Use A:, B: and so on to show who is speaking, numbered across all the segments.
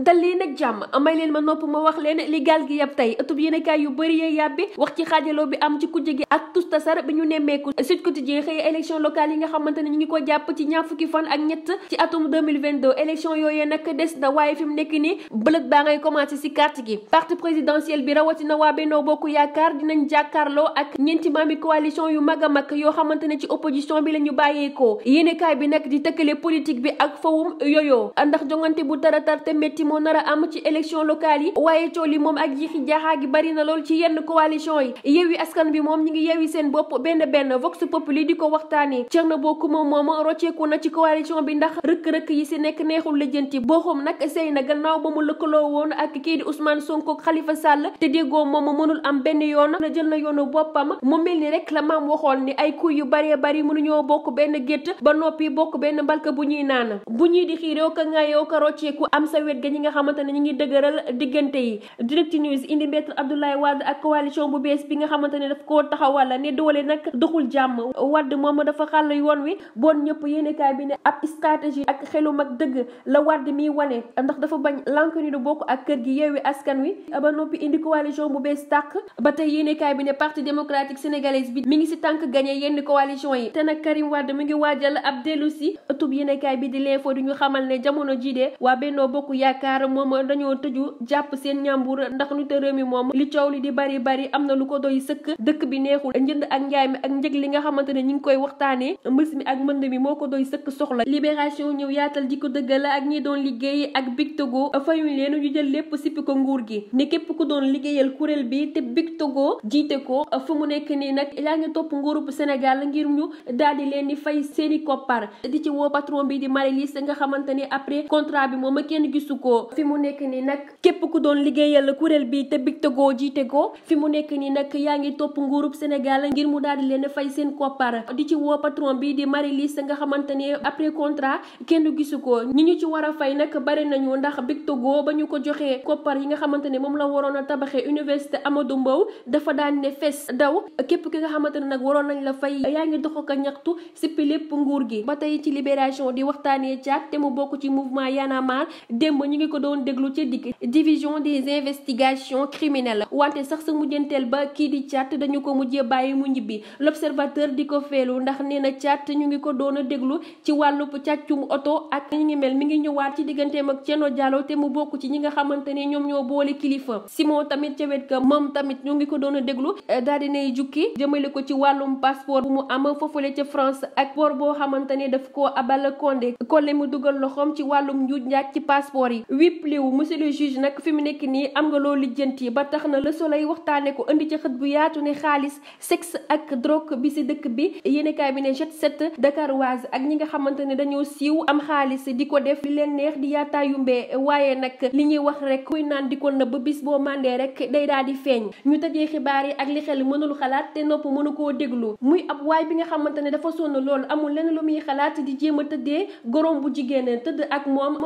A: dal leen ak jàmm may leen ma nopp ma wax leen li gaal gi yab tey ëttub yéenekaay yu bëri yee yàbbi wax ci xaajaloo bi am ci kujje gi ak tustasar bi ñu nemmeeku Sud Quotidien xëy élection locale yi nga xamante ne ñu ngi ko jàpp ci ñaar fukki fan ak ñett ci atum 2022 élection yooyee nag des na waaye fi mu nekk nii bëlëg baa ngay commencé si carte gi parti présidentiel bi rawatina waa Benno Bokk Yaakaar dinañ jàkkaarloo ak ñeenti maami coalition yu mag a mag yoo xamante ne ci opposition bi la ñu bàyyeekoo yéenekaay bi nag di tëkkale politique bi ak fawum yooyoo ndax jongante bu taratar te métti moo nar a am ci élection locale yi waaye cool yi moom ak jiixi jaaxaa gi bari na lool ci yenn coalition yi yeewi askan bi moom ñi ngi yeewi seen bopp benn benn vox populi di ko waxtaanee Thierno Bocoum moom rocceeku na ci coalition bi ndax rëkk-rëkk yi si nekk neexul lijjanti booxum nag sëy na gannaaw ba mu lëkkaloo woon ak kii di Ousmane Sonko Khalifa Sall te déggoo moom mënul am benn yoon la jël na yoonu boppam mu mel ni rek la maam waxoon ni ay kuy yu baree bari mënuñoo bokk benn gétt ba noppi bokk benn mbalka bu ñuy naan bu ñuy di xiiroo ka ngaayoo ka rocceeku am sa wet ga ñi nga xamante ne ñu ngi dëgëral diggante yi direct news indi maître Abdoulaye Wade ak coalition bu bees bi nga xamante ne daf koo taxawal ne doole nag doxul jàmm Wade moom dafa xàll yoon wi bon ñëpp yéenekaay bi ne ab stratégie ak xelum ak dëgg la Wade miy wane ndax dafa bañ lank ni du bokk ak kër gi yeewi askan wi ba noppi indi coalition bu bees tàq ba tey yéenekaay bi ne parti démocratique sénégalais bi mi ngi si tànk gagné yenn coalition yi te nag Karim Wade mi ngi waajal ab dellu si ëttub yéenekaay bi di l'info du ñu xamal ne jamono jii waa Benno Bokk Yaakaar Diarra moom dañoo tëju jàpp seen ñàmbur ndax lu te réew moom li coow li di bari bari am na lu ko doy sëkk dëkk bi neexul njënd ak njaay mi ak njëg li nga xamante ne ñu ngi koy waxtaanee mbës mi ak moo ko doy sëkk soxla libération ñëw yaatal ji ko dëggal ak ñi doon liggéey ak Big Togo fayuñ leen ñu ko nguur gi ne képp ku doon liggéeyal kuréel bi te Big Togo jiite ko fu mu nekk ni nag yaa ngi topp nguurub Sénégal ngir ñu daal di leen di fay seeni koppar di ci woo patron bi di Marie Lise nga xamante après contrat bi moom kenn gisu ko ko fi mu nekk nii nag képp ku doon liggéeyal kuréel bi te Bictego jiite ko fi mu nekk nii nag yaa ngi topp nguurub Sénégal ngir mu daal di leen fay seen koppar di ci woo patron bi di Marie-Lise nga xamante ne après contrat kenn gisu ko ñi ñu ci war a fay nag bari nañu ndax Bictego ba ñu ko joxee koppar yi nga xamante ne moom la waroon a tabaxee université Amadou Mbow dafa daan ne fes daw képp ki nga xamante ne nag waroon nañ la fay yaa ngi dox ko ñaxtu sippi lépp nguur gi ba tey ci libération di waxtaanee caat te mu bokk ci mouvement Y'en a ñu ngi ko doon déglu ca digg division des investigations criminelles wante sax sa mujjanteel ba kii di Thiat dañu ko mujjee bàyyi mu ñibbi l'observateur di ko feelu ndax nee na Thiat ñu ngi ko doon déglu ci wàllu càccum oto ak ñi ngi mel mi ngi ñëwaat ci digganteem ak Thierno Diallo te mu bokk ci ñi nga xamante ne ñoom ñoo boole kilifa Simon tamit ca wet ka moom tamit ñu ngi ko doon déglu eh, daal nay jukki jëmale ko ci wàllum passeport bu mu am foofule ca France ak port boo xamante ne daf koo abal Condé Collé mu dugal loxoom ci wàllum njuuj njaaj ci passeport yi wippliwu monsieur le juge nag fi mu nekk nii am nga loo yi ba tax na le soleil waxtaane ko indi ci xët bu yaatu ne xaalis sexe ak drogue bi si dëkk bi yéenekaay bi ne jet set dakaroise ak ñi nga xamante ne dañoo siiw am xaalis di ko def li leen neex di yaataayumbee waaye nag li ñuy wax rek kuy naan di ko nëbb bis boo màndee rek day daal di feeñ ñu tëjee xibaar yi ak li xel mënul xalaat te nopp mënu koo déglu muy ab waay bi nga xamante ne dafa sonn loolu amul lenn lu muy xalaat di jéem a tëddee gorom bu jigéen tëdd ak moom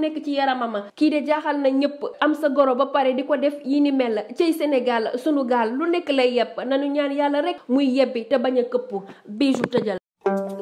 A: nekk ci yaramama kii de jaaxal na ñëpp am sa goro ba pare di ko def yi ni mel cey Sénégal sunu gaal lu nekk lay yepp nanu ñaar yàlla rek muy yebbi te bañ a këppu biiju tëjal